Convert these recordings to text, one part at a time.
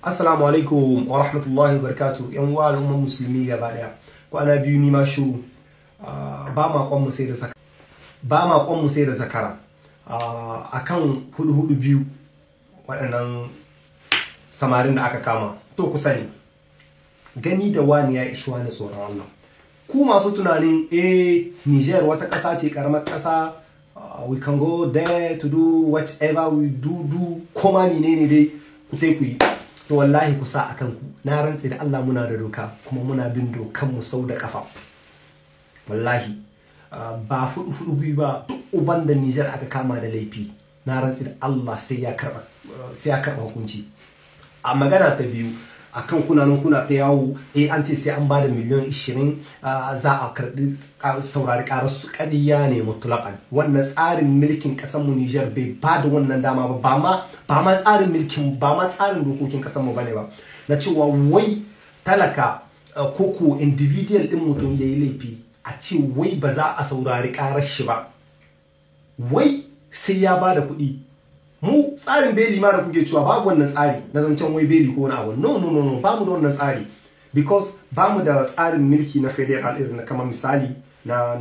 Assalamu alaikum wa rahmatullahi wa barakatu yan uwa al'ummar musulmi gaba daya kwana biyu ni ma shiru ah, ba ma kwan mu sai da zakara ba ma kwan mu da zakara akan ah, hudu hudu biyu waɗannan samarin da aka kama to ku sani gani da wani ya ishwa wani tsoron Allah ku masu tunanin eh Niger wata ƙasa ce karamar ƙasa ah, we can go there to do whatever we do do koma ne ne dai ku sai ku to wallahi ku sa a ku na rantse da Allah muna da doka kuma muna bin dokan mu sau da kafa wallahi ba fudu fudu biyu ba duk uban da Nijar aka kama da laifi na rantse da Allah sai ya karba sai ya karba hukunci a magana ta biyu a kan nan kuna ta yawo eh an ce sai an ba da miliyan 20 ah, za a karbi ah, saurari ƙarar su ƙariya ne mutlaƙan wannan tsarin milkin ƙasar mu Nijar bai ba da wannan dama ba ba ma tsarin milkin ba ma tsarin dokokin ƙasar mu bane ba na cewa wai talaka koko ah, individual ɗin mutum yayi laifi a ce wai ba za a saurari ƙarar shi ba wai sai ya ba da kuɗi mu tsarin beli ma da kuke cewa babu wannan tsari na zancen wai beli ko wani abu no no no no ba mu da wannan tsari because ba mu da tsarin mulki na federal irin na kamar misali na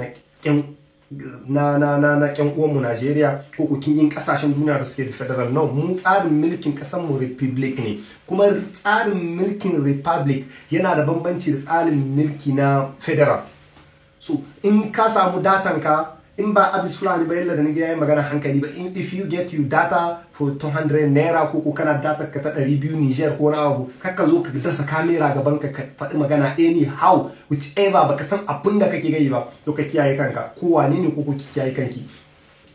na na na na uwanmu Najeriya ko ko kingin kasashen duniya da suke da federal no mu tsarin mulkin kasan mu republic ne kuma tsarin milkin republic yana da bambanci da tsarin milki na federal so in ka samu datan ka in ba abis fulani ba yalla da ni gida magana hankali ba in if you get you data for 200 naira ko ko kana data ka ta 200 Niger ko na abu kar ka zo ka dasa kamera gaban ka ka faɗi magana any how whichever baka san abin da kake gani ba to ka kiyaye kanka ko wani ne ko ko kiyaye kanki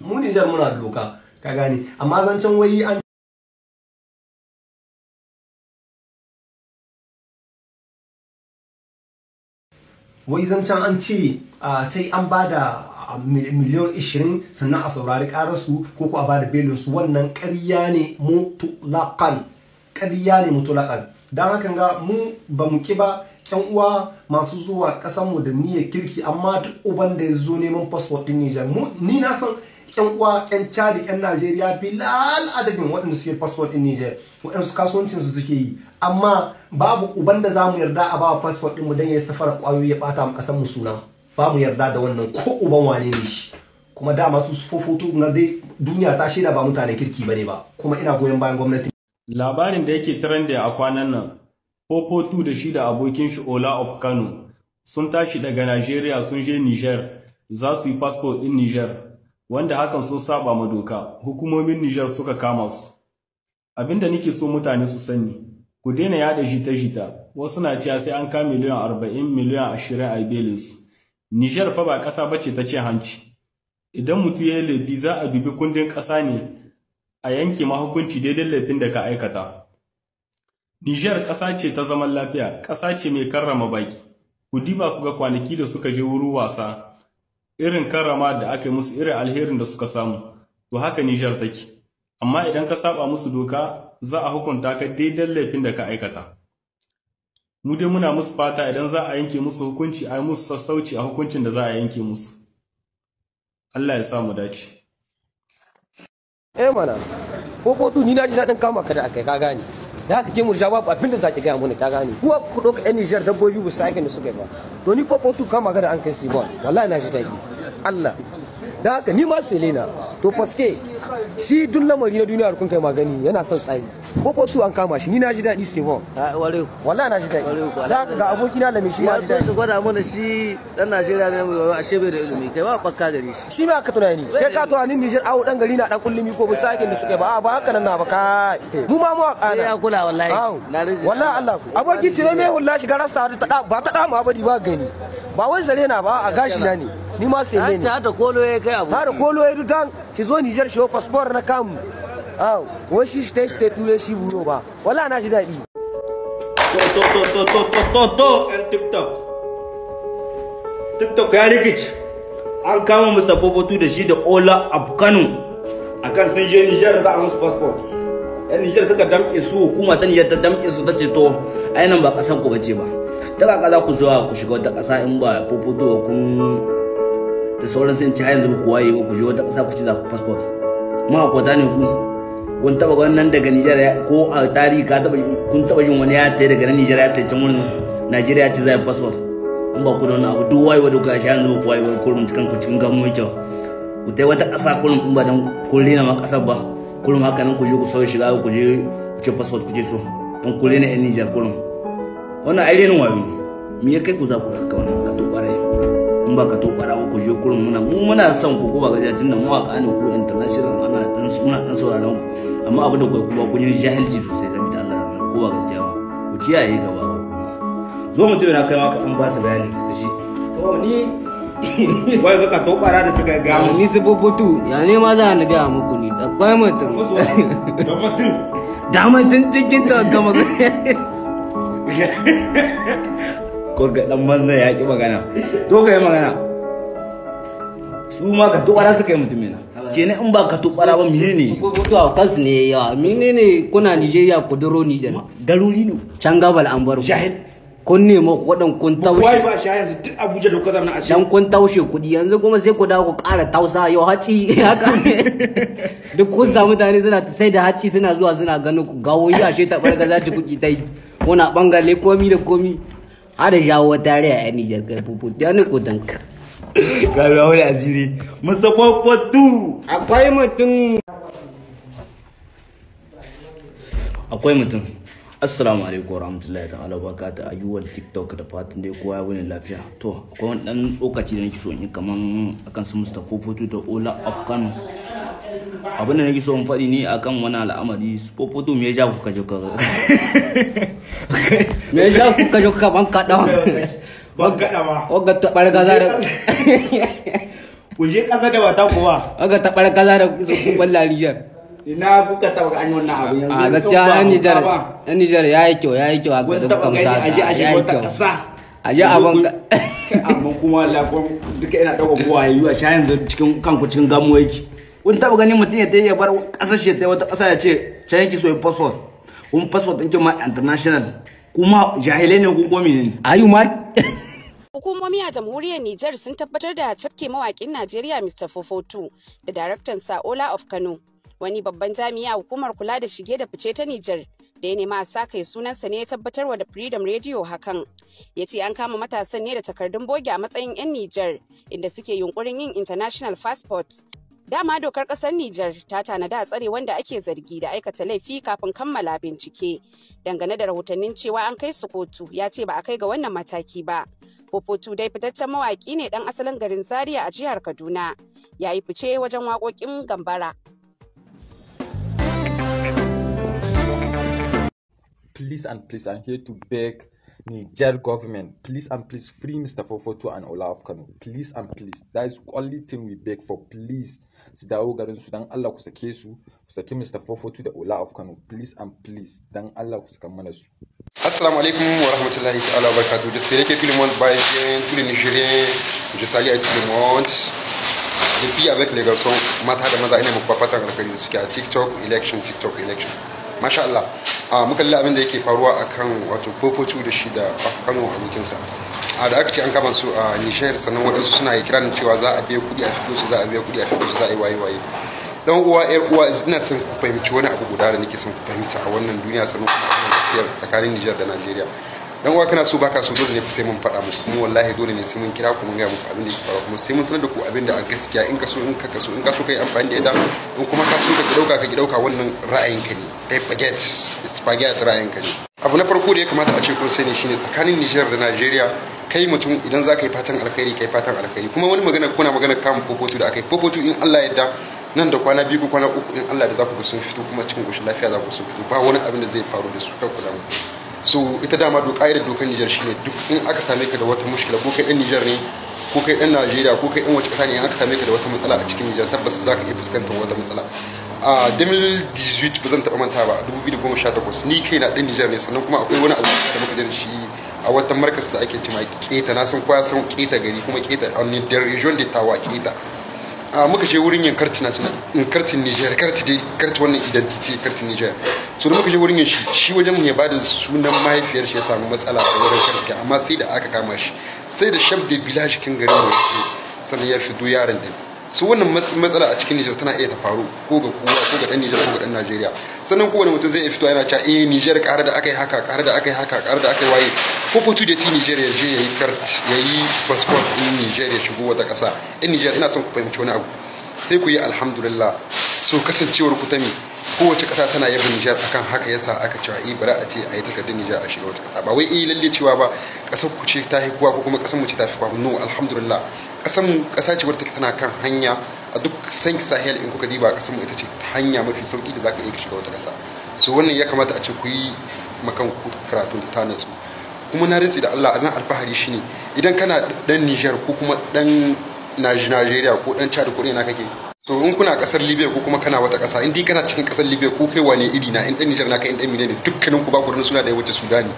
mu Niger muna da doka ka gane amma zancan wai an wai zancan an ce ah, sai an ba da miliyan 20 sannan a saurari karasu ko ko a bada belin su wannan ƙarya ne mutulakan ƙarya ne mutulakan don haka ga mu ba mu ki ba yan uwa masu zuwa ƙasar mu da niyyar kirki amma duk uban da ya zo neman fasfot din Nijar mu ni na san yan uwa yan cadi yan Najeriya fi lal adadin waɗanda suke fasfot din Nijar waɗansu kasuwancin su suke yi amma babu uban da za mu yarda a bawa fasfot din mu don ya safara ƙwayoyi ya ɓata mu ƙasar mu suna ba mu yarda da wannan ko uban wane ne shi kuma dama su sufofoto na dai duniya ta shaida ba mutanen kirki bane ba kuma ina goyon bayan gwamnati labarin da yake trendy a kwanan nan fofoto da shi da abokin shi Ola of Kano sun tashi daga Najeriya sun je Niger za su yi passport din Niger wanda hakan sun saba ma doka hukumomin Niger suka kama su abinda nake so mutane su sani ku daina yada jita-jita wasu na cewa sai an kama miliyan 40 miliyan 20 a belinsu Nijar fa ba ƙasa bace ta ce hanci. Idan mutum ya yi laifi za a dubi kundin ƙasa ne a yanke mahukunci daidai laifin da ka aikata. Nijar ƙasa ce ta zaman lafiya, ƙasa ce mai karrama baki. Ku diba ku ga kwanaki da suka je wuri wasa, irin karrama da aka yi musu irin alherin da suka samu. To haka Nijar take. Amma idan ka saba musu doka za a hukunta ka daidai laifin da ka aikata. mu dai muna musu fata idan za a yanke musu hukunci a yi musu sassauci a hukuncin da za a yanke musu Allah ya sa dace eh mana ko ko ni na ji daɗin kama ka da akai ka gane da haka ke murja babu abin da zaki gaya mana ka gane kuwa ku ɗauka ɗan Nijar dabbobi ba su aikin da suka yi ba to ni ko ko kama ka da an kai Sibon wallahi na ji daɗi Allah da haka ni ma Selena to paske shi duk lamari na duniya kun kai magani yana son tsari ko ko su an kama shi ni na ji daɗi sai ah, wallahi na ji daɗi da ga aboki na lami shi ma ji daɗi gwada mana shi dan Najeriya ne mai ashe bai da ilimi kai ba bakka gare shi shi ma ka tunani kai ka tunanin Niger awo dan gari na dan kullumi ko bu sakin da suke ba a ah, ba haka nan na ba kai mu ma mu a ya kula wallahi wallahi Allah ku aboki cire mai hulla shi garasta ta ba ta da mu abadi ba gani ba wai zare na ba a gashi na ne ni ma sai ne har da kolo ya kai abu har da kolo ya dukan shi zo Nijar shi fasfor na kamu aw wai shi state shi ture shi buro ba wala na shi daɗi to to to to to to to yan tiktok tiktok ya rikici an kama musa bobotu da shi da ola abkanu akan sun je Nijar za a musu fasfor yan Nijar suka damƙe su hukuma ta Nijar ta damƙe su ta ce to ai nan ba ƙasar ku bace ba ta kaka za ku zuwa ku shiga wata ƙasa in ba bobotu kun da sauran sai ci yanzu ku waye ku je wata ƙasa ku ci za ku passport ma ku ne ku kun taba ganin nan daga Nijar ko a tarihi ka taba kun taba jin wani ya tayi daga Nijar ya tayi can wurin Najeriya ci za passport in ba ku da wani abu duk wayewa da kuka sha yanzu ku waye kurmin cikin ku cikin gamu yake ku tai wata ƙasa kullum in ba dan kun rena ma ƙasar ba kullum haka nan ku je ku sauya shiga ku je ku ci passport ku je so in ku rena yan Nijar kullum wannan ai renin wayo ne me ya kai ku za ku haka wannan ka to ɓarai in ba ka to barawa ku je kurin muna mu muna son ku ko ba gajajin nan mawaka ne ku international ana dan muna dan sauraron ku amma abin da kai kuma kun yi jahilci sosai zan ta Allah nan ko ba gaskiya ba ku kiyaye gaba ba kuma zo mu tuna kai ma ka ba su bayani oh, su to ni wai ka to bara da suka ga mu ni su bubutu ya ne ma za ni ga muku ni da kwai mutum da mutum da mutum cikin ta gama ko ga dan manzan ya ki magana to kai magana su ma ka tubara suka yi ke ne in ba ka tubara ba menene ko to a kas ne ya ne kuna Nigeria ku duro ni da garuri ne can gabal an baro shahid kun nemo wadan kun taushe wai ba shahid yanzu duk Abuja da kuka zama a can kun taushe kudi yanzu kuma sai ku dawo ku ƙara tausa yau haci haka duk kun sa mutane suna sai da haci suna zuwa suna ganin ku gawo yi ashe ta barga za ci kuki tai kuna bangare komi da komi har jawo tare a yan nijar kai fufu ta ni kudan ka karuwa wani asiri mustapha kwatu akwai mutum akwai mutum assalamu alaikum warahmatullahi ta'ala barakatuh ayyuwar tiktok da fatan dai kowa ya wani lafiya to akwai wani dan tsokaci da nake so in kaman akan su mustapha foto da ola of kano abin da nake so in faɗi ne akan wani al'amari su foto me ya ja ku kaje ka me ah, ya kuka jo ka ban kada ban kada ma o ga ta bar gaza da ku je kasa da wata kuwa o ga ta bar gaza da ku ballariyar ina kuka taba an wannan abu yanzu a gaskiya yan Nijar ni Nijar yayi kyau yayi kyau a da kamsa a je a shiga wata kasa Aje je a ban amma kuma Allah ko duka ina dauka kuwa yayi a shayin zo cikin kanku cikin gamo yake kun taba ganin mutun ya tayi ya bar kasar shi ta wata kasa ya ce can yake so yi passport kuma passport ɗin ma international kuma jahilai ne hukumomi ne ayu ma Hukumomi a jamhuriyar Nijar sun tabbatar da cafke mawakin Najeriya Mr. Fofotu da daraktan Sa'ola of Kano, wani babban jami'a hukumar kula da shige da fice ta Nijar da ya nema a sa kai sunansa ne ya tabbatar wa da Freedom Radio hakan. Ya ce an kama matasan ne da takardun boge a matsayin 'yan Nijar inda suke yunkurin yin international passport Dama dokar kasar Nijar ta tanada a tsare wanda ake zargi da aikata laifi kafin kammala bincike. Dangane da rahotannin cewa an kai su kotu ya ce ba a kai ga wannan mataki ba. Popotu dai fitaccen mawaki ne dan asalin garin Zaria a jihar Kaduna. Ya yi fice wajen waƙoƙin gambara. Please and please, I'm here to beg Niger government, please and please free Mr. Fofoto and of Kano. Please and please. That is only thing we beg for. Please. Si dawo garin su dan Allah ku sake su, ku saki Mr. Fofoto da Olaf Kano. Please and please. Dan Allah ku saka mana su. Assalamu alaikum wa rahmatullahi ta'ala wa barakatuh. J'espère que tout le monde va bien, tous les Nigériens. Je salue à tout le monde. Depuis avec les garçons, mata da maza ina muku fatan alkhairi da suke a TikTok, election, TikTok, election. Masha Allah. a mukalla abin da yake faruwa a kan wato popocu da shi da kano abokinsa a da aka ce an kama su a nishayar sannan waɗansu suna yi kiran cewa za a biya kuɗi a fito su za a biya kuɗi a fito su za a yi waye waye dan uwa yar uwa ina son ku fahimci wani abu guda da nake son ku fahimta a wannan duniya sannan kuma a tafiyar tsakanin Nijar da Najeriya dan uwa kana so baka so dole ne sai mun faɗa muku kuma wallahi dole ne sai mun kira ku mun gaya muku abin da yake faruwa kuma sai mun sanar da ku abin da a gaskiya in ka so in ka so in ka so kai amfani da ita in kuma ka so ka ki dauka ka ki dauka wannan ra'ayin ka ne Eh, spaghetti spaghetti ka ne abu na farko da ya kamata a ce kun sani shine tsakanin Nijar da Najeriya kai mutum idan za ka yi fatan alkhairi kai fatan alkhairi kuma wani magana kuna magana kan popotu da akai popotu in Allah ya yarda nan da kwana biyu ko kwana uku in Allah da za ku sun fito kuma cikin goshin lafiya za ku sun fito ba wani abin da zai faru da su kanku zamu so ita dama doka da dokan Nijar shine duk in aka same ka da wata mushkila ko kai dan Nijar ne ko kai dan Najeriya ko kai dan wace kasa ne in aka same ka da wata matsala a cikin Nijar tabbas za ka iya fuskantar wata matsala a 2018 ba zan taɓa manta ba 2018 ni kai na ɗin nijar ne sannan kuma akwai wani abu da muka da shi a watan markas da ake cima keta na san kwaya san keta gari kuma keta a da region de tawa keta muka je wurin yin karti national in kartin nijar karti dai karti wannan identity kartin nijar so da muka je wurin yin shi shi wajen mu ya bada sunan mahaifiyar shi ya samu matsala a wurin karti amma sai da aka kama shi sai da shab da village kin garin mu sannan ya fito yaron din su wannan matsala a cikin Nijar tana iya ta faru ko ga kowa ko ga dan Nijar ko ga dan Najeriya sannan kowane mutum zai fito yana cewa eh Nijar ƙara da aka yi haka ƙara da aka yi haka ƙara da aka yi waye ko kotu da ti Nijar ya je yayi kart yayi passport din Nijar ya shigo wata ƙasa in eh, Nijar ina son ku fahimci wani abu sai ku yi alhamdulillah so kasancewar ku ta me kowace ƙasa tana yaba Nijar akan haka yasa aka cewa eh bara a ce a yi takardar Nijar a shiga wata ƙasa ba wai eh lalle cewa ba kasar ku ce ta fi kowa ko kuma kasar mu ce ta fi kowa no alhamdulillah kasan kasa ce wadda tana kan hanya a duk san sahel in kuka diba kasan ita ce ta hanya mafi sauki da zaka iya shiga wata kasa so wannan ya kamata a ce ku yi makan ku karatun ta nasu kuma na rintsi da Allah abin alfahari shine idan kana dan Niger ko kuma dan Najeriya ko dan Chad ko ina kake to in kuna kasar Libya ko kuma kana wata kasa in kana cikin kasar Libya ko kai wane iri na in dan Niger naka in dan Mine ne dukkanin ku ba ku suna da wata Sudani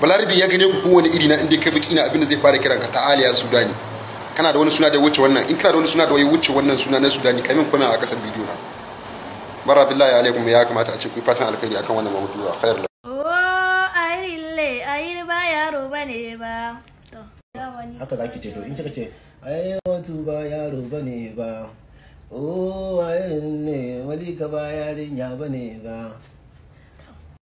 Balarabi ya gane ku kowane iri na in kai biki na abin da zai fara kiran ka ta Aliya Sudani kana da wani suna da wuce wannan in kana da wani suna da wai wuce wannan suna na sudani kai min kuma a kasan bidiyo na bara billahi alaikum ya kamata a ce ku fatan alkhairi akan wannan mawdu'i khair la oh ayille ayin ba yaro bane ba to haka zaki ce to in kika ce ai wato ba yaro bane ba oh ayille wali ka ba yarin ya bane ba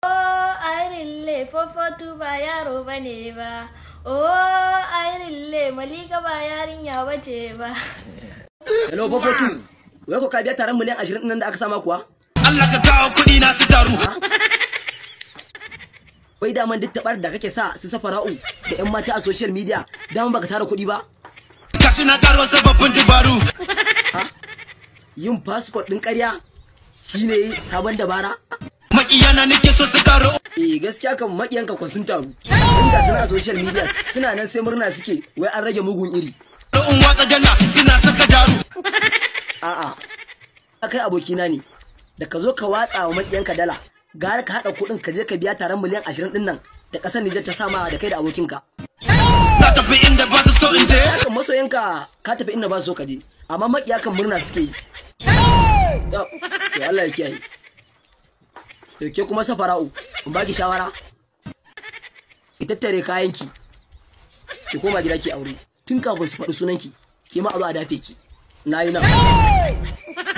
oh ayille fofo tu ba yaro bane ba oh ayrille malika ba yarinya bace ba hello popotu wai ko ka biya taron miliyan ashirin nan da aka sama kuwa Allah ka kawo kuɗi na su taru wai daman duk tabar da kake sa su safara'u da yan mata a social media daman baka tara kuɗi ba kashi na karo sababbin dabaru. yin passport ɗin ƙarya shine sabon dabara makiyana nake so su taru. eh gaskiya kan makiyanka ko sun taru ga suna a social media suna nan sai murna suke wai an rage mugun iri in watsa janna suna saka daru a'a akai abokina ne da ka zo ka watsa wa maƙiyanka dala gara ka haɗa kuɗin ka je ka biya taron miliyan ashirin ɗin nan da ƙasar Nijar ta sama da kai da abokinka. Na tafi inda ba su so in je. Kan masoyinka ka tafi inda ba su so ka je amma maƙiyakan kan murna suke yi. Ya Allah ya kiyaye. To ke kuma safara'u in baki shawara. ki tattare kayanki ki koma gida ki aure tun kafin su faɗi sunan ki ma a zo a dafe ki na yi nan